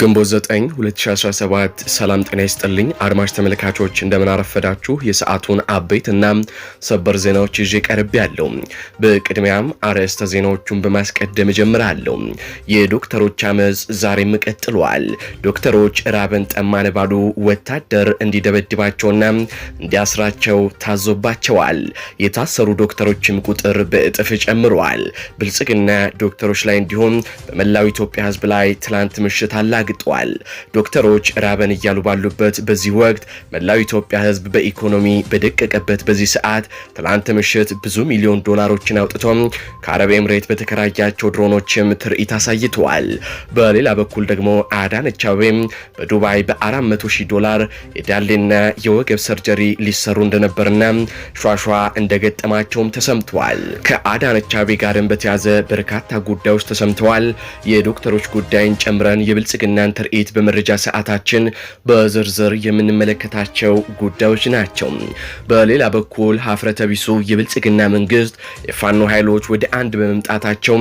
ግንቦት 9 2017 ሰላም ጤና ይስጥልኝ አድማጭ ተመልካቾች፣ እንደምናረፈዳችሁ የሰዓቱን አበይት እና ሰበር ዜናዎች ይዤ ቀርብ ያለው። በቅድሚያም አርዕስተ ዜናዎቹን በማስቀደም እጀምራለሁ። የዶክተሮች አመፅ ዛሬም ቀጥሏል። ዶክተሮች ራብን ጠማን ባሉ ወታደር እንዲደበድባቸውና እንዲያስራቸው ታዞባቸዋል። የታሰሩ ዶክተሮችም ቁጥር በእጥፍ ጨምሯል። ብልጽግና ዶክተሮች ላይ እንዲሁም በመላው ኢትዮጵያ ህዝብ ላይ ትላንት ምሽት አላ አረጋግጧል። ዶክተሮች ራበን እያሉ ባሉበት በዚህ ወቅት መላው ኢትዮጵያ ህዝብ በኢኮኖሚ በደቀቀበት በዚህ ሰዓት ትላንት ምሽት ብዙ ሚሊዮን ዶላሮችን አውጥቶም ከአረብ ኤምሬት በተከራያቸው ድሮኖችም ትርኢት አሳይተዋል። በሌላ በኩል ደግሞ አዳነች አቤቤም በዱባይ በ400 ሺህ ዶላር የዳሌና የወገብ ሰርጀሪ ሊሰሩ እንደነበርና ሿሿ እንደገጠማቸውም ተሰምተዋል። ከአዳነች አቤቤ ጋርም በተያዘ በርካታ ጉዳዮች ተሰምተዋል። የዶክተሮች ጉዳይን ጨምረን የብልጽግና የእናንተ ርኢት በመረጃ ሰዓታችን በዝርዝር የምንመለከታቸው ጉዳዮች ናቸው። በሌላ በኩል ሀፍረተ ቢሱ የብልጽግና መንግስት የፋኖ ኃይሎች ወደ አንድ በመምጣታቸው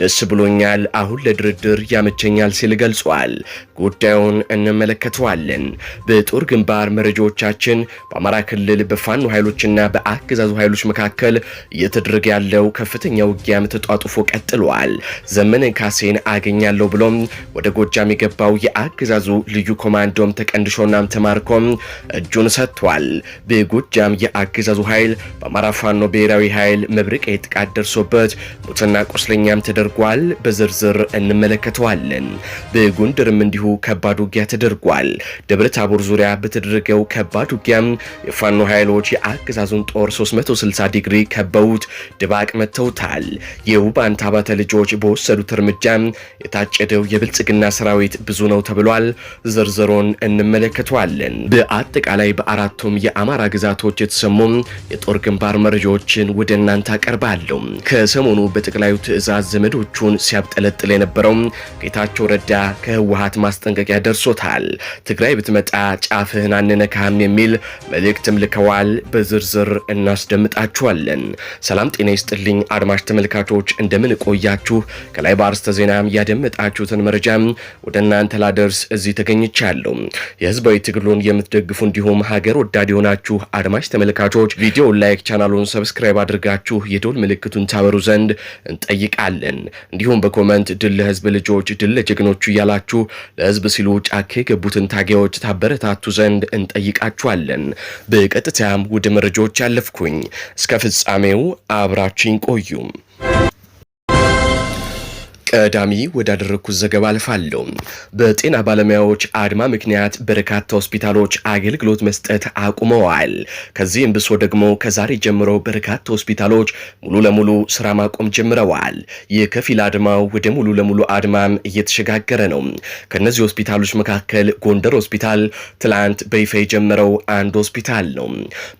ደስ ብሎኛል፣ አሁን ለድርድር ያመቸኛል ሲል ገልጿል። ጉዳዩን እንመለከተዋለን። በጦር ግንባር መረጃዎቻችን በአማራ ክልል በፋኖ ኃይሎችና በአገዛዙ ኃይሎች መካከል እየተደረገ ያለው ከፍተኛ ውጊያም ተጧጡፎ ቀጥሏል። ዘመነ ካሴን አገኛለሁ ብሎም ወደ ጎጃም የገባ የገባው የአገዛዙ ልዩ ኮማንዶም ተቀንድሾናም ተማርኮም እጁን ሰጥቷል። በጎጃም የአገዛዙ ኃይል በአማራ ፋኖ ብሔራዊ ኃይል መብረቅ ጥቃት ደርሶበት ሙትና ቁስለኛም ተደርጓል። በዝርዝር እንመለከተዋለን። በጎንደርም እንዲሁ ከባድ ውጊያ ተደርጓል። ደብረ ታቦር ዙሪያ በተደረገው ከባድ ውጊያም የፋኖ ኃይሎች የአገዛዙን ጦር 360 ዲግሪ ከበውት ድባቅ መተውታል። የውባንታ ባተ ልጆች በወሰዱት እርምጃ የታጨደው የብልጽግና ሰራዊት ብዙ ነው ተብሏል። ዝርዝሩን እንመለከተዋለን። በአጠቃላይ በአራቱም የአማራ ግዛቶች የተሰሙ የጦር ግንባር መረጃዎችን ወደ እናንተ አቀርባለሁ። ከሰሞኑ በጠቅላዩ ትዕዛዝ ዘመዶቹን ሲያብጠለጥል የነበረው ጌታቸው ረዳ ከህወሀት ማስጠንቀቂያ ደርሶታል። ትግራይ ብትመጣ ጫፍህን አንነካህም የሚል መልእክትም ልከዋል። በዝርዝር እናስደምጣችኋለን። ሰላም ጤና ይስጥልኝ አድማጭ ተመልካቾች እንደምን ቆያችሁ? ከላይ በአርስተ ዜና ያደመጣችሁትን መረጃ ወደ እናንተ ላደርስ እዚህ ተገኝቻለሁ። የህዝባዊ ትግሉን የምትደግፉ እንዲሁም ሀገር ወዳድ የሆናችሁ አድማጭ ተመልካቾች ቪዲዮውን ላይክ፣ ቻናሉን ሰብስክራይብ አድርጋችሁ የዶል ምልክቱን ታበሩ ዘንድ እንጠይቃለን። እንዲሁም በኮመንት ድል ለህዝብ ልጆች፣ ድል ለጀግኖቹ እያላችሁ ለህዝብ ሲሉ ጫካ የገቡትን ታጋዮች ታበረታቱ ዘንድ እንጠይቃችኋለን። በቀጥታም ወደ መረጃዎች ያለፍኩኝ፣ እስከ ፍጻሜው አብራችኝ ቆዩም። ቀዳሚ ወዳደረግኩት ዘገባ አልፋለሁ። በጤና ባለሙያዎች አድማ ምክንያት በርካታ ሆስፒታሎች አገልግሎት መስጠት አቁመዋል። ከዚህም ብሶ ደግሞ ከዛሬ ጀምሮ በርካታ ሆስፒታሎች ሙሉ ለሙሉ ስራ ማቆም ጀምረዋል። የከፊል አድማው ወደ ሙሉ ለሙሉ አድማም እየተሸጋገረ ነው። ከእነዚህ ሆስፒታሎች መካከል ጎንደር ሆስፒታል ትላንት በይፋ የጀመረው አንድ ሆስፒታል ነው።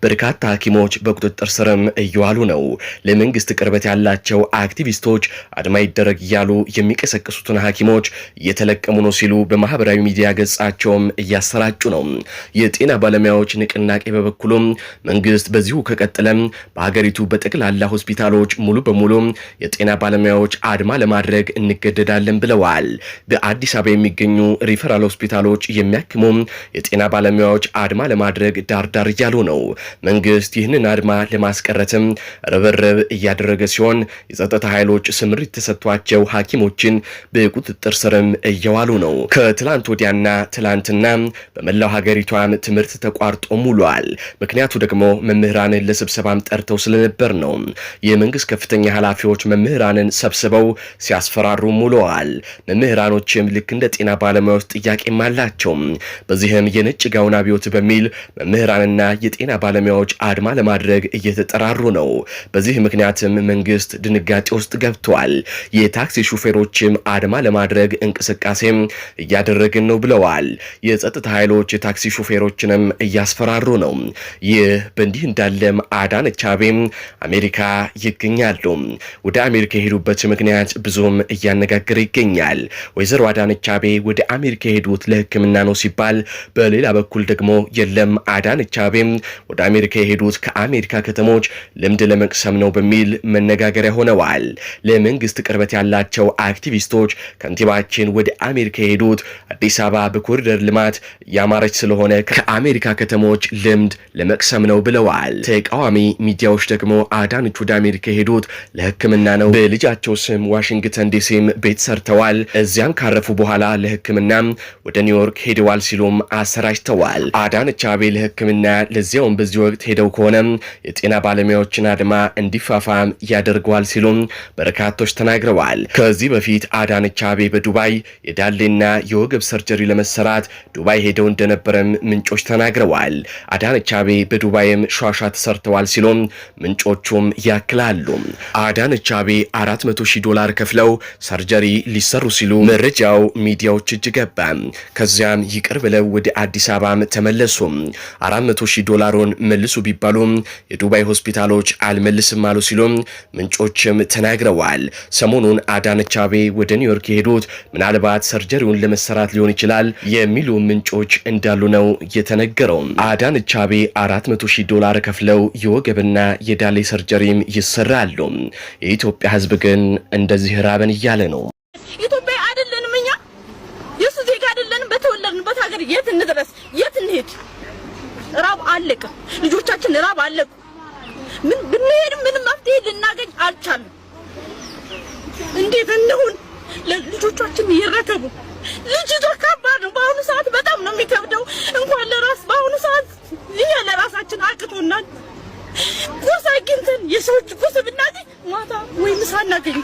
በርካታ ሐኪሞች በቁጥጥር ስርም እየዋሉ ነው። ለመንግስት ቅርበት ያላቸው አክቲቪስቶች አድማ ይደረግ እያሉ የሚቀሰቅሱትን ሐኪሞች እየተለቀሙ ነው ሲሉ በማህበራዊ ሚዲያ ገጻቸውም እያሰራጩ ነው። የጤና ባለሙያዎች ንቅናቄ በበኩሉም መንግስት በዚሁ ከቀጠለም በሀገሪቱ በጠቅላላ ሆስፒታሎች ሙሉ በሙሉ የጤና ባለሙያዎች አድማ ለማድረግ እንገደዳለን ብለዋል። በአዲስ አበባ የሚገኙ ሪፈራል ሆስፒታሎች የሚያክሙ የጤና ባለሙያዎች አድማ ለማድረግ ዳርዳር እያሉ ነው። መንግስት ይህንን አድማ ለማስቀረትም ርብርብ እያደረገ ሲሆን የጸጥታ ኃይሎች ስምሪት ተሰጥቷቸው ሐኪም ሐኪሞችን በቁጥጥር ስርም እየዋሉ ነው። ከትላንት ወዲያና ትላንትና በመላው ሀገሪቷም ትምህርት ተቋርጦ ሙሏል። ምክንያቱ ደግሞ መምህራንን ለስብሰባም ጠርተው ስለነበር ነው። የመንግስት ከፍተኛ ኃላፊዎች መምህራንን ሰብስበው ሲያስፈራሩ ሙለዋል። መምህራኖችም ልክ እንደ ጤና ባለሙያዎች ጥያቄም አላቸው። በዚህም የነጭ ጋውን አብዮት በሚል መምህራንና የጤና ባለሙያዎች አድማ ለማድረግ እየተጠራሩ ነው። በዚህ ምክንያትም መንግስት ድንጋጤ ውስጥ ገብቷል። የታክሲ ሹፌሮችም አድማ ለማድረግ እንቅስቃሴም እያደረግን ነው ብለዋል። የጸጥታ ኃይሎች የታክሲ ሹፌሮችንም እያስፈራሩ ነው። ይህ በእንዲህ እንዳለም አዳነች አቤቤም አሜሪካ ይገኛሉ። ወደ አሜሪካ የሄዱበት ምክንያት ብዙም እያነጋገረ ይገኛል። ወይዘሮ አዳነች አቤቤ ወደ አሜሪካ የሄዱት ለሕክምና ነው ሲባል፣ በሌላ በኩል ደግሞ የለም አዳነች አቤቤም ወደ አሜሪካ የሄዱት ከአሜሪካ ከተሞች ልምድ ለመቅሰም ነው በሚል መነጋገሪያ ሆነዋል። ለመንግስት ቅርበት ያላቸው የሆነው አክቲቪስቶች ከንቲባችን ወደ አሜሪካ የሄዱት አዲስ አበባ በኮሪደር ልማት እያማረች ስለሆነ ከአሜሪካ ከተሞች ልምድ ለመቅሰም ነው ብለዋል። ተቃዋሚ ሚዲያዎች ደግሞ አዳነች ወደ አሜሪካ የሄዱት ለሕክምና ነው። በልጃቸው ስም ዋሽንግተን ዲሲም ቤት ሰርተዋል። እዚያም ካረፉ በኋላ ለህክምና ወደ ኒውዮርክ ሄደዋል ሲሉም አሰራጅተዋል። አዳነች አቤ ለሕክምና ለዚያውም በዚህ ወቅት ሄደው ከሆነ የጤና ባለሙያዎችን አድማ እንዲፋፋም ያደርገዋል ሲሉም በርካቶች ተናግረዋል። ከዚህ በፊት አዳነች አቤ በዱባይ የዳሌና የወገብ ሰርጀሪ ለመሰራት ዱባይ ሄደው እንደነበረም ምንጮች ተናግረዋል። አዳነች አቤ በዱባይም ሿሿ ተሰርተዋል ሲሉም ምንጮቹም ያክላሉ። አዳነች አቤ 400 ሺህ ዶላር ከፍለው ሰርጀሪ ሊሰሩ ሲሉ መረጃው ሚዲያዎች እጅ ገባ። ከዚያም ይቅር ብለው ወደ አዲስ አበባም ተመለሱ። 400 ሺህ ዶላሩን መልሱ ቢባሉም የዱባይ ሆስፒታሎች አልመልስም አሉ ሲሉም ምንጮችም ተናግረዋል። ሰሞኑን አዳነች ቻቤ ወደ ኒውዮርክ የሄዱት ምናልባት ሰርጀሪውን ለመሰራት ሊሆን ይችላል የሚሉ ምንጮች እንዳሉ ነው የተነገረው። አዳነች ቻቤ 400 ሺህ ዶላር ከፍለው የወገብና የዳሌ ሰርጀሪም ይሰራሉ። የኢትዮጵያ ሕዝብ ግን እንደዚህ ራበን እያለ ነው። ኢትዮጵያ አይደለንም እኛ የሱ ዜጋ አይደለንም። በተወለድንበት ሀገር የት እንድረስ? የት እንሄድ? ራብ አለቀ። ልጆቻችን ራብ አለቁ። ምን ብንሄድም ምንም መፍትሄ ልናገኝ አልቻለም። እንዴት እንሁን? ለልጆቻችን ይረከቡ። ልጅቷ ከባድ ነው። በአሁኑ ሰዓት በጣም ነው የሚከብደው። እንኳን ለራስ በአሁኑ ሰዓት እኛ ለራሳችን አቅቶናል። ቁርስ አግኝተን የሰዎች ቁርስ ብናገኝ ማታ ወይ ምሳ እናገኝ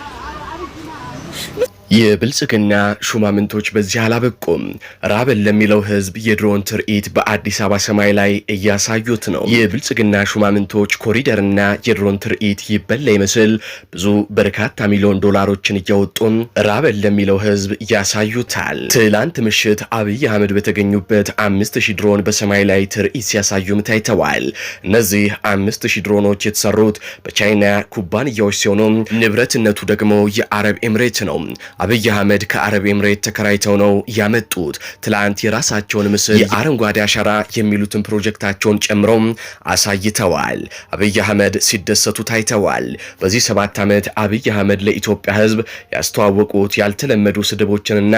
የብልጽግና ሹማምንቶች በዚህ አላበቁም። ራበን ለሚለው ህዝብ የድሮን ትርኢት በአዲስ አበባ ሰማይ ላይ እያሳዩት ነው። የብልጽግና ሹማምንቶች ኮሪደርና የድሮን ትርኢት ይበላ ይመስል ብዙ በርካታ ሚሊዮን ዶላሮችን እያወጡም ራበን ለሚለው ህዝብ ያሳዩታል። ትላንት ምሽት አብይ አህመድ በተገኙበት አምስት ሺህ ድሮን በሰማይ ላይ ትርኢት ሲያሳዩም ታይተዋል። እነዚህ አምስት ሺህ ድሮኖች የተሰሩት በቻይና ኩባንያዎች ሲሆኑ ንብረትነቱ ደግሞ የአረብ ኤምሬት ነው። አብይ አህመድ ከአረብ ኤምሬት ተከራይተው ነው ያመጡት። ትላንት የራሳቸውን ምስል የአረንጓዴ አሻራ የሚሉትን ፕሮጀክታቸውን ጨምረው አሳይተዋል። አብይ አህመድ ሲደሰቱ ታይተዋል። በዚህ ሰባት ዓመት አብይ አህመድ ለኢትዮጵያ ሕዝብ ያስተዋወቁት ያልተለመዱ ስድቦችንና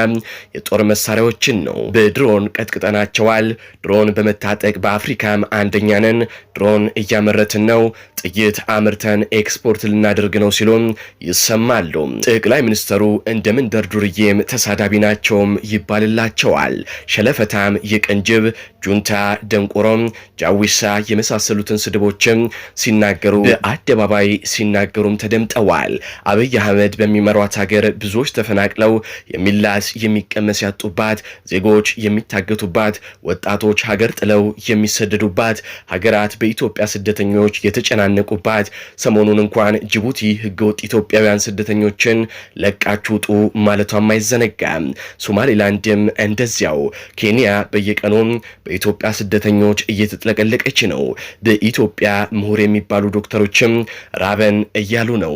የጦር መሳሪያዎችን ነው። በድሮን ቀጥቅጠናቸዋል። ድሮን በመታጠቅ በአፍሪካም አንደኛ ነን። ድሮን እያመረትን ነው። ጥይት አምርተን ኤክስፖርት ልናደርግ ነው ሲሉም ይሰማሉ። ጠቅላይ ሚኒስትሩ እንደምን ደርዱርዬም ዱርዬም ተሳዳቢ ናቸውም ይባልላቸዋል። ሸለፈታም፣ የቀንጅብ ጁንታ፣ ደንቆሮም፣ ጃዊሳ የመሳሰሉትን ስድቦችም ሲናገሩ በአደባባይ ሲናገሩም ተደምጠዋል። አብይ አህመድ በሚመሯት ሀገር ብዙዎች ተፈናቅለው የሚላስ የሚቀመስ ያጡባት፣ ዜጎች የሚታገቱባት፣ ወጣቶች ሀገር ጥለው የሚሰደዱባት፣ ሀገራት በኢትዮጵያ ስደተኞች የተጨናነቁባት፣ ሰሞኑን እንኳን ጅቡቲ ህገወጥ ኢትዮጵያውያን ስደተኞችን ለቃችሁ ውጡ ማለቷም አይዘነጋም። ሶማሌላንድም እንደዚያው። ኬንያ በየቀኑም በኢትዮጵያ ስደተኞች እየተጥለቀለቀች ነው። በኢትዮጵያ ምሁር የሚባሉ ዶክተሮችም ራበን እያሉ ነው።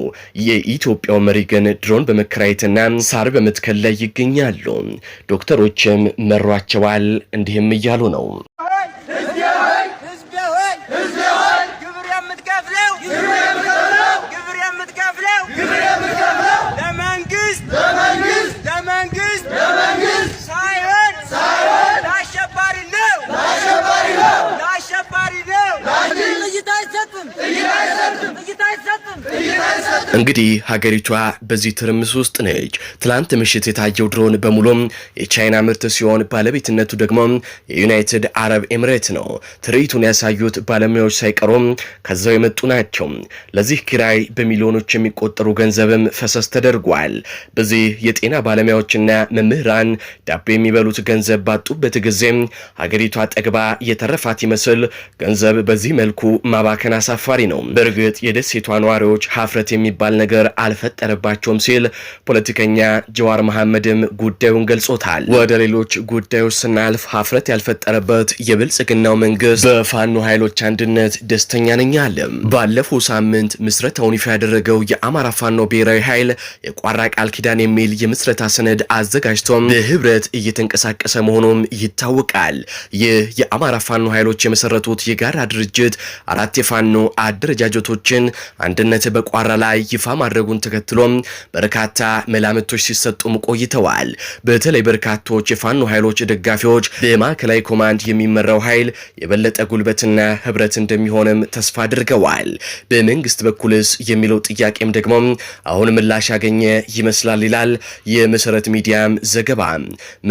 የኢትዮጵያው መሪ ግን ድሮን በመከራየትና ሳር በመትከል ላይ ይገኛሉ። ዶክተሮችም መሯቸዋል፣ እንዲህም እያሉ ነው። እንግዲህ ሀገሪቷ በዚህ ትርምስ ውስጥ ነች። ትላንት ምሽት የታየው ድሮን በሙሉም የቻይና ምርት ሲሆን ባለቤትነቱ ደግሞ የዩናይትድ አረብ ኤምሬት ነው። ትርኢቱን ያሳዩት ባለሙያዎች ሳይቀሩም ከዛው የመጡ ናቸው። ለዚህ ኪራይ በሚሊዮኖች የሚቆጠሩ ገንዘብም ፈሰስ ተደርጓል። በዚህ የጤና ባለሙያዎችና መምህራን ዳቦ የሚበሉት ገንዘብ ባጡበት ጊዜም ሀገሪቷ ጠግባ የተረፋት ይመስል ገንዘብ በዚህ መልኩ ማባከን አሳፋሪ ነው። በእርግጥ የደሴቷ ነዋሪ ተማሪዎች ሀፍረት የሚባል ነገር አልፈጠረባቸውም ሲል ፖለቲከኛ ጀዋር መሐመድም ጉዳዩን ገልጾታል። ወደ ሌሎች ጉዳዮች ስናልፍ ሀፍረት ያልፈጠረበት የብልጽግናው መንግስት በፋኖ ኃይሎች አንድነት ደስተኛ ነኝ አለም። ባለፈው ሳምንት ምስረታውን ይፋ ያደረገው የአማራ ፋኖ ብሔራዊ ኃይል የቋራ ቃል ኪዳን የሚል የምስረታ ሰነድ አዘጋጅቶም በህብረት እየተንቀሳቀሰ መሆኑም ይታወቃል። ይህ የአማራ ፋኖ ኃይሎች የመሰረቱት የጋራ ድርጅት አራት የፋኖ አደረጃጀቶችን አንድነት ስምምነት በቋራ ላይ ይፋ ማድረጉን ተከትሎም በርካታ መላምቶች ሲሰጡም ቆይተዋል። በተለይ በርካቶች የፋኖ ኃይሎች ደጋፊዎች በማዕከላዊ ኮማንድ የሚመራው ኃይል የበለጠ ጉልበትና ህብረት እንደሚሆንም ተስፋ አድርገዋል። በመንግስት በኩልስ የሚለው ጥያቄም ደግሞ አሁን ምላሽ ያገኘ ይመስላል ይላል የመሰረት ሚዲያም ዘገባ።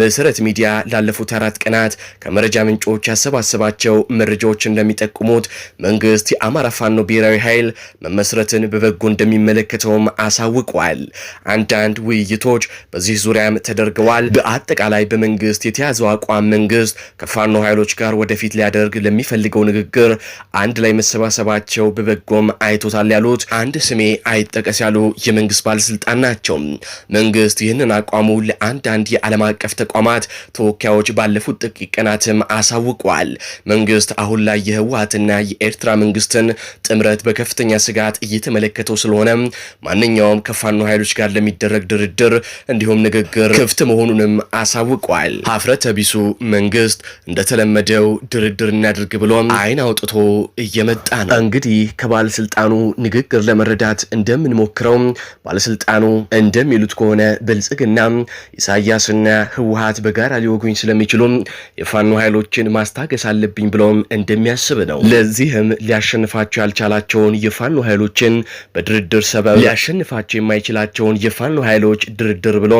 መሰረት ሚዲያ ላለፉት አራት ቀናት ከመረጃ ምንጮች ያሰባሰባቸው መረጃዎች እንደሚጠቁሙት መንግስት የአማራ ፋኖ ብሔራዊ ኃይል መመስረትን ውይይትን በበጎ እንደሚመለከተውም አሳውቋል። አንዳንድ ውይይቶች በዚህ ዙሪያም ተደርገዋል። በአጠቃላይ በመንግስት የተያዘው አቋም መንግስት ከፋኖ ኃይሎች ጋር ወደፊት ሊያደርግ ለሚፈልገው ንግግር አንድ ላይ መሰባሰባቸው በበጎም አይቶታል ያሉት አንድ ስሜ አይጠቀስ ያሉ የመንግስት ባለስልጣን ናቸው። መንግስት ይህንን አቋሙ ለአንዳንድ የዓለም አቀፍ ተቋማት ተወካዮች ባለፉት ጥቂት ቀናትም አሳውቋል። መንግስት አሁን ላይ የህወሓትና የኤርትራ መንግስትን ጥምረት በከፍተኛ ስጋት እየተ የተመለከተው ስለሆነ ማንኛውም ከፋኖ ኃይሎች ጋር ለሚደረግ ድርድር እንዲሁም ንግግር ክፍት መሆኑንም አሳውቋል። ሀፍረተ ቢሱ መንግስት እንደተለመደው ድርድር እናድርግ ብሎም አይን አውጥቶ እየመጣ ነው። እንግዲህ ከባለስልጣኑ ንግግር ለመረዳት እንደምንሞክረው ባለስልጣኑ እንደሚሉት ከሆነ ብልጽግና ኢሳያስና ህወሀት በጋራ ሊወጉኝ ስለሚችሉ የፋኖ ኃይሎችን ማስታገስ አለብኝ ብሎም እንደሚያስብ ነው። ለዚህም ሊያሸንፋቸው ያልቻላቸውን የፋኖ ኃይሎችን በድርድር ሰበብ ሊያሸንፋቸው የማይችላቸውን የፋኖ ኃይሎች ድርድር ብሎ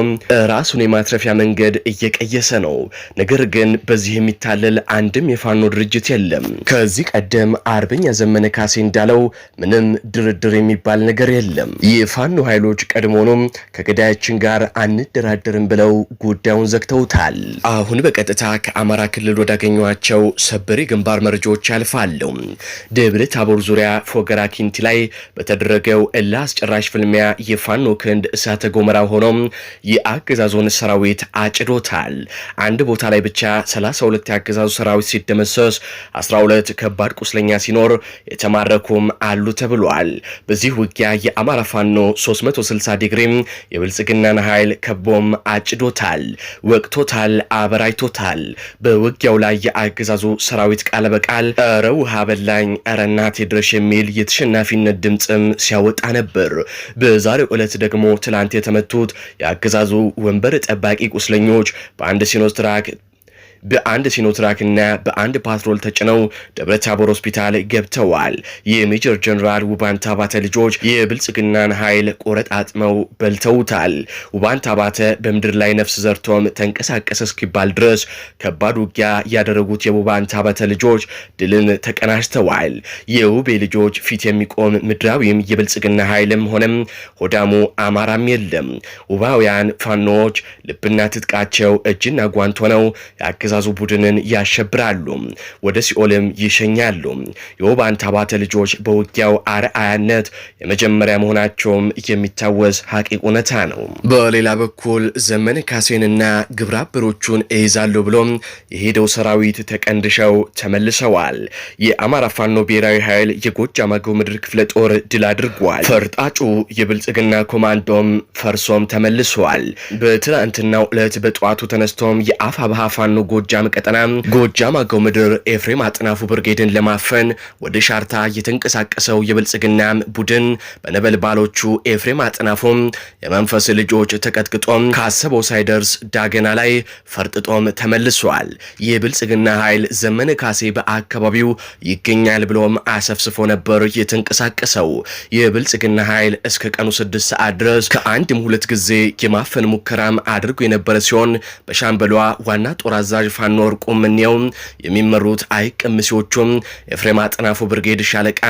ራሱን የማትረፊያ መንገድ እየቀየሰ ነው። ነገር ግን በዚህ የሚታለል አንድም የፋኖ ድርጅት የለም። ከዚህ ቀደም አርበኛ ዘመነ ካሴ እንዳለው ምንም ድርድር የሚባል ነገር የለም። የፋኖ ኃይሎች ቀድሞኑም ከገዳያችን ጋር አንደራደርም ብለው ጉዳዩን ዘግተውታል። አሁን በቀጥታ ከአማራ ክልል ወዳገኟቸው ሰበር ግንባር መረጃዎች ያልፋለሁ ደብረ ታቦር ዙሪያ ፎገራ ኪንቲ ላይ በተደረገው እልህ አስጨራሽ ፍልሚያ የፋኖ ክንድ እሳተ ጎመራ ሆኖም የአገዛዙን ሰራዊት አጭዶታል። አንድ ቦታ ላይ ብቻ 32 የአገዛዙ ሰራዊት ሲደመሰስ 12 ከባድ ቁስለኛ ሲኖር የተማረኩም አሉ ተብሏል። በዚህ ውጊያ የአማራ ፋኖ 360 ዲግሪም የብልጽግናን ኃይል ከቦም አጭዶታል፣ ወቅቶታል፣ አበራይቶታል። በውጊያው ላይ የአገዛዙ ሰራዊት ቃል በቃል እረ ውሃ በላኝ እረ እናቴ ድረሽ የሚል የተሸናፊነት ድምፅ ስም ሲያወጣ ነበር። በዛሬው ዕለት ደግሞ ትላንት የተመቱት የአገዛዙ ወንበር ጠባቂ ቁስለኞች በአንድ ሲኖስትራክ በአንድ ሲኖትራክና በአንድ ፓትሮል ተጭነው ደብረታቦር ሆስፒታል ገብተዋል። የሜጀር ጀኔራል ውባንታ ባተ ልጆች የብልጽግናን ኃይል ቆረጣጥመው በልተውታል። ውባንታ ባተ በምድር ላይ ነፍስ ዘርቶም ተንቀሳቀሰ እስኪባል ድረስ ከባድ ውጊያ ያደረጉት የውባንታ ባተ ልጆች ድልን ተቀናጅተዋል። የውቤ ልጆች ፊት የሚቆም ምድራዊም የብልጽግና ኃይልም ሆነም ሆዳሙ አማራም የለም። ውባውያን ፋኖዎች ልብና ትጥቃቸው እጅና ጓንት ሆነው የአገዛዙ ቡድንን ያሸብራሉ፣ ወደ ሲኦልም ይሸኛሉ። የውባንታ ባተ ልጆች በውጊያው አርአያነት የመጀመሪያ መሆናቸውም የሚታወስ ሀቂቅ እውነታ ነው። በሌላ በኩል ዘመነ ካሴንና ግብረ አበሮቹን እይዛለሁ ብሎም የሄደው ሰራዊት ተቀንድሸው ተመልሰዋል። የአማራ ፋኖ ብሔራዊ ኃይል የጎጃም አገው ምድር ክፍለ ጦር ድል አድርጓል። ፈርጣጩ የብልጽግና ኮማንዶም ፈርሶም ተመልሷል። በትናንትና ዕለት በጠዋቱ ተነስቶም የአፋ ባሃ ፋኖ ጎጃም ቀጠና ጎጃም አገው ምድር ኤፍሬም አጥናፉ ብርጌድን ለማፈን ወደ ሻርታ የተንቀሳቀሰው የብልጽግና ቡድን በነበልባሎቹ ኤፍሬም አጥናፉም የመንፈስ ልጆች ተቀጥቅጦም ካሰበው ሳይደርስ ዳገና ላይ ፈርጥጦም ተመልሷል። የብልጽግና ኃይል ዘመነ ካሴ በአካባቢው ይገኛል ብሎም አሰፍስፎ ነበር የተንቀሳቀሰው። የብልጽግና ኃይል እስከ ቀኑ ስድስት ሰዓት ድረስ ከአንድም ሁለት ጊዜ የማፈን ሙከራም አድርጎ የነበረ ሲሆን በሻምበሏ ዋና ጦር አዛዥ ፋኖ ወርቁ ምንየው የሚመሩት አይቀምሲዎቹም የፍሬም አጥናፉ ብርጌድ ሻለቃ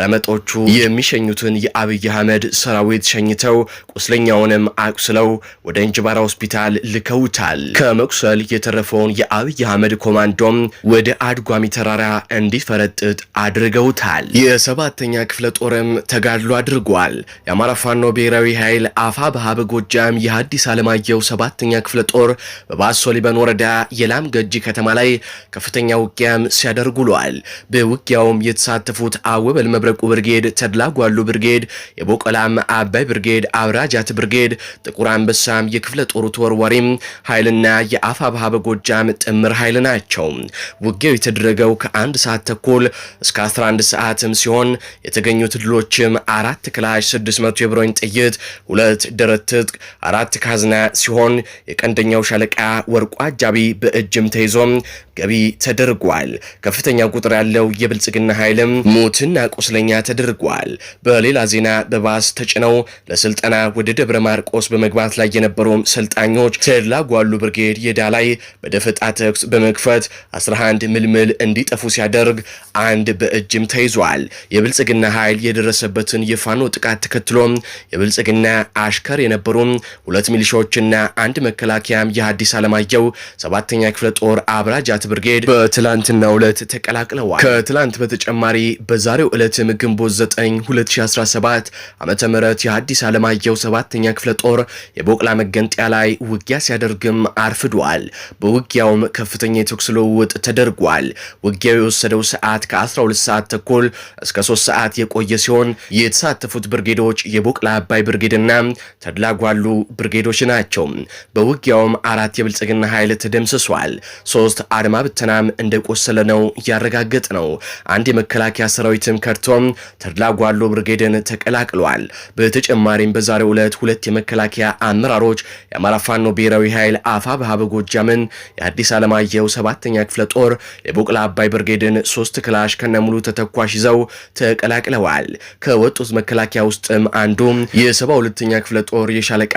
ረመጦቹ የሚሸኙትን የአብይ አህመድ ሰራዊት ሸኝተው ቁስለኛውንም አቁስለው ወደ እንጅባራ ሆስፒታል ልከውታል። ከመቁሰል የተረፈውን የአብይ አህመድ ኮማንዶም ወደ አድጓሚ ተራራ እንዲፈረጥጥ አድርገውታል። የሰባተኛ ክፍለ ጦርም ተጋድሎ አድርጓል። የአማራ ፋኖ ብሔራዊ ኃይል አፋ በሀበ ጎጃም የሀዲስ ዓለማየሁ ሰባተኛ ክፍለ ጦር በባሶ ሊበን ወረዳ የላ ሌላም ገጂ ከተማ ላይ ከፍተኛ ውጊያም ሲያደርጉ ውለዋል። በውጊያውም የተሳተፉት አወበል መብረቁ ብርጌድ፣ ተድላ ጓሉ ብርጌድ፣ የቦቀላም አባይ ብርጌድ፣ አብራጃት ብርጌድ፣ ጥቁር አንበሳም የክፍለ ጦሩ ተወርዋሪም ኃይልና የአፋ ባሃበ ጎጃም ጥምር ኃይል ናቸው። ውጊያው የተደረገው ከአንድ ሰዓት ተኩል እስከ 11 ሰዓትም ሲሆን የተገኙት ድሎችም አራት ክላሽ፣ 600 የብሮኝ ጥይት፣ ሁለት ደረት ትጥቅ፣ አራት ካዝና ሲሆን የቀንደኛው ሻለቃ ወርቋ አጃቢ በእ እጅም ተይዞም ገቢ ተደርጓል። ከፍተኛ ቁጥር ያለው የብልጽግና ኃይልም ሙትና ቁስለኛ ተደርጓል። በሌላ ዜና በባስ ተጭነው ለስልጠና ወደ ደብረ ማርቆስ በመግባት ላይ የነበሩ ሰልጣኞች ተላጓሉ ብርጌድ የዳ ላይ በደፈጣ ተኩስ በመክፈት 11 ምልምል እንዲጠፉ ሲያደርግ አንድ በእጅም ተይዟል። የብልጽግና ኃይል የደረሰበትን የፋኖ ጥቃት ተከትሎ የብልጽግና አሽከር የነበሩ ሁለት ሚሊሻዎችና አንድ መከላከያም የሐዲስ አለማየሁ ሰባተኛ ክፍለ ጦር አብራጃት ብርጌድ በትላንትናው ዕለት ተቀላቅለዋል። ከትላንት በተጨማሪ በዛሬው ዕለትም ግንቦት 9 2017 ዓ ምህረት የአዲስ ዓለማየሁ ሰባተኛ ክፍለ ጦር የቦቅላ መገንጠያ ላይ ውጊያ ሲያደርግም አርፍዷል። በውጊያውም ከፍተኛ የተኩስ ልውውጥ ተደርጓል። ውጊያው የወሰደው ሰዓት ከ12 ሰዓት ተኩል እስከ 3 ሰዓት የቆየ ሲሆን የተሳተፉት ብርጌዶች የቦቅላ አባይ ብርጌድና ተድላጓሉ ብርጌዶች ናቸው። በውጊያውም አራት የብልጽግና ኃይል ተደምስሷል። ተመልክቷል። ሶስት አድማ ብተናም እንደቆሰለ ነው እያረጋገጥ ነው። አንድ የመከላከያ ሰራዊትም ከርቶም ተድላ ጓሎ ብርጌድን ተቀላቅሏል። በተጨማሪም በዛሬው ዕለት ሁለት የመከላከያ አመራሮች የአማራ ፋኖ ብሔራዊ ኃይል አፋ በሀበ ጎጃምን የአዲስ አለማየሁ ሰባተኛ ክፍለ ጦር የቦቅላ አባይ ብርጌድን ሶስት ክላሽ ከነሙሉ ተተኳሽ ይዘው ተቀላቅለዋል። ከወጡት መከላከያ ውስጥም አንዱ የሰባ ሁለተኛ ክፍለ ጦር የሻለቃ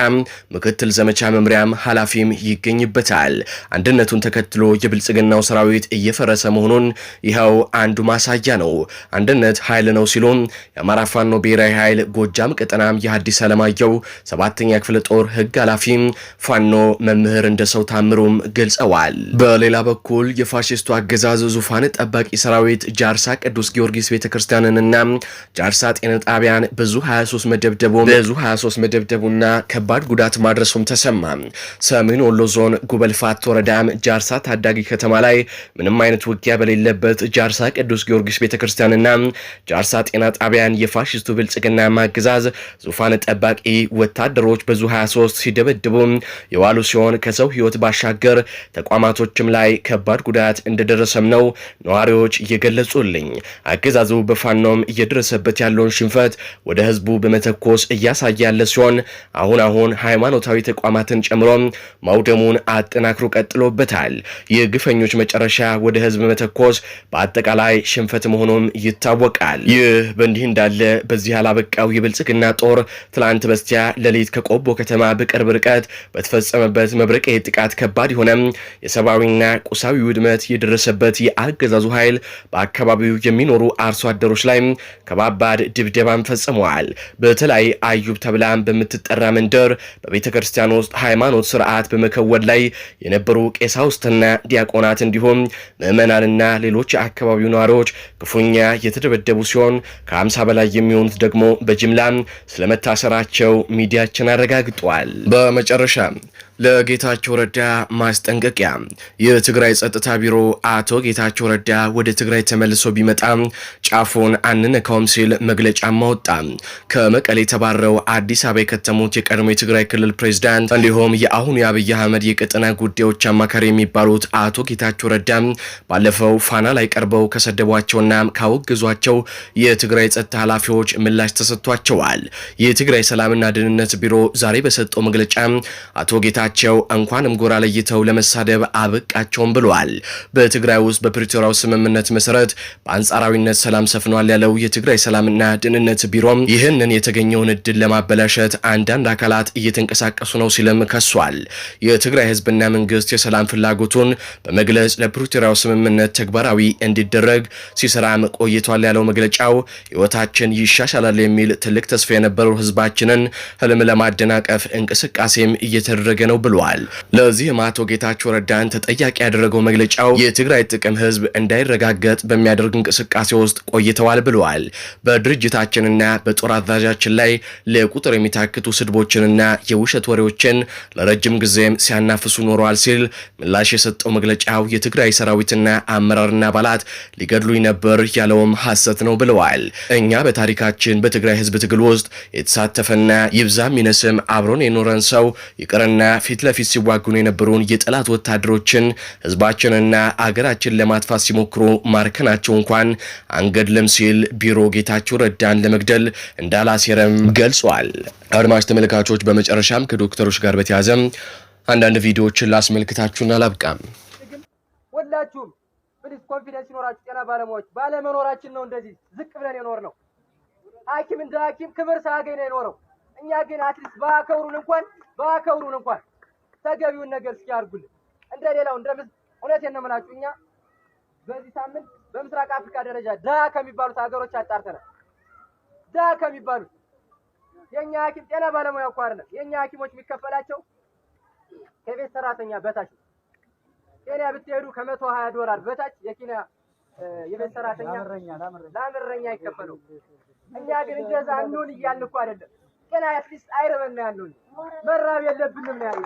ምክትል ዘመቻ መምሪያም ኃላፊም ይገኝበታል። አንድነት ጦርነቱን ተከትሎ የብልጽግናው ሰራዊት እየፈረሰ መሆኑን ይኸው አንዱ ማሳያ ነው። አንድነት ኃይል ነው ሲሉ የአማራ ፋኖ ብሔራዊ ኃይል ጎጃም ቀጠናም የሀዲስ አለማየሁ ሰባተኛ ክፍለ ጦር ህግ ኃላፊ ፋኖ መምህር እንደሰው ታምሩም ገልጸዋል። በሌላ በኩል የፋሽስቱ አገዛዝ ዙፋን ጠባቂ ሰራዊት ጃርሳ ቅዱስ ጊዮርጊስ ቤተክርስቲያንንና ጃርሳ ጤና ጣቢያን ብዙ 23 መደብደቡ ብዙ 23 መደብደቡና ከባድ ጉዳት ማድረሱም ተሰማ። ሰሜን ወሎ ዞን ጉበልፋት ወረዳም ጃርሳ ታዳጊ ከተማ ላይ ምንም አይነት ውጊያ በሌለበት ጃርሳ ቅዱስ ጊዮርጊስ ቤተክርስቲያንና ጃርሳ ጤና ጣቢያን የፋሽስቱ ብልጽግና ማገዛዝ ዙፋን ጠባቂ ወታደሮች በዙ 23 ሲደበድቡ የዋሉ ሲሆን ከሰው ህይወት ባሻገር ተቋማቶችም ላይ ከባድ ጉዳት እንደደረሰም ነው ነዋሪዎች እየገለጹልኝ። አገዛዙ በፋኖም እየደረሰበት ያለውን ሽንፈት ወደ ህዝቡ በመተኮስ እያሳየ ያለ ሲሆን አሁን አሁን ሃይማኖታዊ ተቋማትን ጨምሮ ማውደሙን አጠናክሮ ቀጥሎበት ይገኙበታል። የግፈኞች መጨረሻ ወደ ህዝብ መተኮስ በአጠቃላይ ሽንፈት መሆኑም ይታወቃል። ይህ በእንዲህ እንዳለ በዚህ አላበቃው የብልጽግና ጦር ትላንት በስቲያ ሌሊት ከቆቦ ከተማ በቅርብ ርቀት በተፈጸመበት መብረቄ ጥቃት ከባድ የሆነም የሰብአዊና ቁሳዊ ውድመት የደረሰበት የአገዛዙ ኃይል በአካባቢው የሚኖሩ አርሶ አደሮች ላይ ከባባድ ድብደባን ፈጽመዋል። በተለይ አዩብ ተብላን በምትጠራ መንደር በቤተ ክርስቲያን ውስጥ ሃይማኖት ስርዓት በመከወድ ላይ የነበሩ ቄስ ቀሳውስትና ዲያቆናት እንዲሁም ምዕመናንና ሌሎች የአካባቢው ነዋሪዎች ክፉኛ የተደበደቡ ሲሆን ከ50 በላይ የሚሆኑት ደግሞ በጅምላ ስለመታሰራቸው ሚዲያችን አረጋግጧል። በመጨረሻ ለጌታቸው ረዳ ማስጠንቀቂያ የትግራይ ጸጥታ ቢሮ አቶ ጌታቸው ረዳ ወደ ትግራይ ተመልሶ ቢመጣ ጫፉን አንነካውም ሲል መግለጫም አወጣ። ከመቀሌ የተባረው አዲስ አበባ የከተሙት የቀድሞ የትግራይ ክልል ፕሬዝዳንት እንዲሁም የአሁኑ የአብይ አህመድ የቀጠና ጉዳዮች አማካሪ የሚባሉት አቶ ጌታቸው ረዳ ባለፈው ፋና ላይ ቀርበው ከሰደቧቸውና ካወገዟቸው የትግራይ ጸጥታ ኃላፊዎች ምላሽ ተሰጥቷቸዋል። የትግራይ ሰላምና ደህንነት ቢሮ ዛሬ በሰጠው መግለጫ አቶ ጌታ በመሆናቸው እንኳንም ጎራ ለይተው ለመሳደብ አበቃቸውም ብለዋል። በትግራይ ውስጥ በፕሪቶሪያው ስምምነት መሰረት በአንጻራዊነት ሰላም ሰፍኗል ያለው የትግራይ ሰላምና ደህንነት ቢሮም ይህንን የተገኘውን እድል ለማበላሸት አንዳንድ አካላት እየተንቀሳቀሱ ነው ሲልም ከሷል። የትግራይ ህዝብና መንግስት የሰላም ፍላጎቱን በመግለጽ ለፕሪቶሪያው ስምምነት ተግባራዊ እንዲደረግ ሲሰራም ቆይቷል ያለው መግለጫው ህይወታችን ይሻሻላል የሚል ትልቅ ተስፋ የነበረው ህዝባችንን ህልም ለማደናቀፍ እንቅስቃሴም እየተደረገ ነው ነው ብሏል። ለዚህም አቶ ጌታቸው ረዳን ተጠያቂ ያደረገው መግለጫው የትግራይ ጥቅም ህዝብ እንዳይረጋገጥ በሚያደርግ እንቅስቃሴ ውስጥ ቆይተዋል ብለዋል። በድርጅታችንና በጦር አዛዣችን ላይ ለቁጥር የሚታክቱ ስድቦችንና የውሸት ወሬዎችን ለረጅም ጊዜም ሲያናፍሱ ኖረዋል ሲል ምላሽ የሰጠው መግለጫው የትግራይ ሰራዊትና አመራርና አባላት ሊገድሉኝ ነበር ያለውም ሐሰት ነው ብለዋል። እኛ በታሪካችን በትግራይ ህዝብ ትግል ውስጥ የተሳተፈና ይብዛም ይነስም አብሮን የኖረን ሰው ይቅርና ፊት ለፊት ሲዋጉን የነበሩን የጠላት ወታደሮችን ህዝባችንና አገራችን ለማጥፋት ሲሞክሩ ማርከናቸው እንኳን አንገድልም ሲል ቢሮ ጌታቸው ረዳን ለመግደል እንዳላሴረም ገልጿል። አድማጭ ተመልካቾች፣ በመጨረሻም ከዶክተሮች ጋር በተያዘ አንዳንድ ቪዲዮዎችን ላስመልክታችሁን አላብቃም። ሁላችሁም ፕሊዝ ኮንፊደንስ ይኖራችሁ። ጤና ባለሙያዎች ባለመኖራችን ነው እንደዚህ ዝቅ ብለን የኖር ነው። ሐኪም እንደ ሐኪም ክብር ሳገኝ ነው የኖረው። እኛ ግን አትሊስት በአከብሩን እንኳን በአከብሩን እንኳን ተገቢውን ነገር እስኪ እንደ ሌላው እንደ እውነቴን ነው የምላችሁ እኛ በዚህ ሳምንት በምስራቅ አፍሪካ ደረጃ ድሀ ከሚባሉት ሀገሮች አጣርተናል። ድሀ ከሚባሉት የኛ ሐኪም ጤና ባለሙያ እኮ አይደለም። የኛ ሐኪሞች የሚከፈላቸው ከቤት ሰራተኛ በታች ኬንያ ብትሄዱ ከመቶ ሀያ ዶላር በታች የኬንያ የቤት ሰራተኛ ላምረኛ ይከፈለው። እኛ ግን እንደዛ እንሆን እያልን እኮ አይደለም። ጤና አትሊስት አይረበና ያለው መራብ የለብንም ነው ያለው።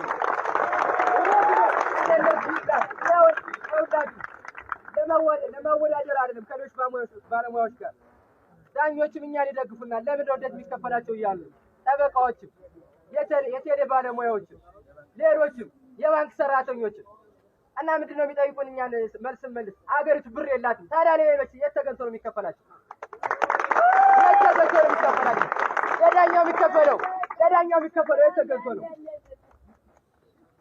ለመወዳደር አይደለም ከሌሎች ባለሙያዎች ጋር። ዳኞችም እኛን ይደግፉናል። ለምን ወደት የሚከፈላቸው እያሉ ጠበቃዎችም፣ የቴሌ ባለሙያዎችም፣ ሌሎችም የባንክ ሰራተኞችም እና ምንድን ነው የሚጠይቁን? እኛን መልስ መልስ። አገሪቱ ብር የላትም። ታዲያ ሌሎች የት ተገንቶ ነው የሚከፈላቸው? የት ተገንቶ ነው የሚከፈላቸው? ለዳኛው የሚከፈለው ለዳኛው የሚከፈለው የት ተገንቶ ነው?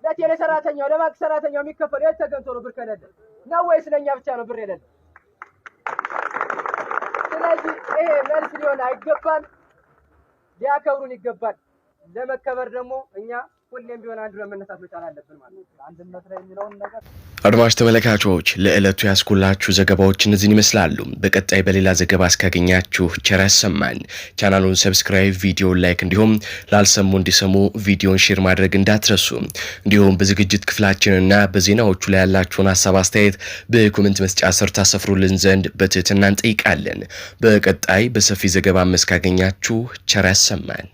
ለቴሌ ሰራተኛው ለባንክ ሰራተኛው የሚከፈለው የት ተገንቶ ነው? ብር ከሌለ ነው ወይስ ለእኛ ብቻ ነው ብር የሌለ? ስለዚህ ይሄ መልስ ሊሆን አይገባል። ሊያከብሩን ይገባል። ለመከበር ደግሞ እኛ ሁሌም ቢሆን አንድ መቻል አለብን ማለት ነው። አንድነት ላይ የሚለውን ነገር አድማጭ ተመልካቾች ለዕለቱ ያስኩላችሁ ዘገባዎች እነዚህን ይመስላሉ። በቀጣይ በሌላ ዘገባ እስካገኛችሁ ቸር ያሰማን። ቻናሉን ሰብስክራይብ፣ ቪዲዮን ላይክ እንዲሁም ላልሰሙ እንዲሰሙ ቪዲዮን ሼር ማድረግ እንዳትረሱ። እንዲሁም በዝግጅት ክፍላችንና በዜናዎቹ ላይ ያላችሁን ሀሳብ አስተያየት በኮመንት መስጫ ስር ታሰፍሩልን ዘንድ በትህትና እንጠይቃለን። በቀጣይ በሰፊ ዘገባ እስካገኛችሁ ቸር ያሰማን።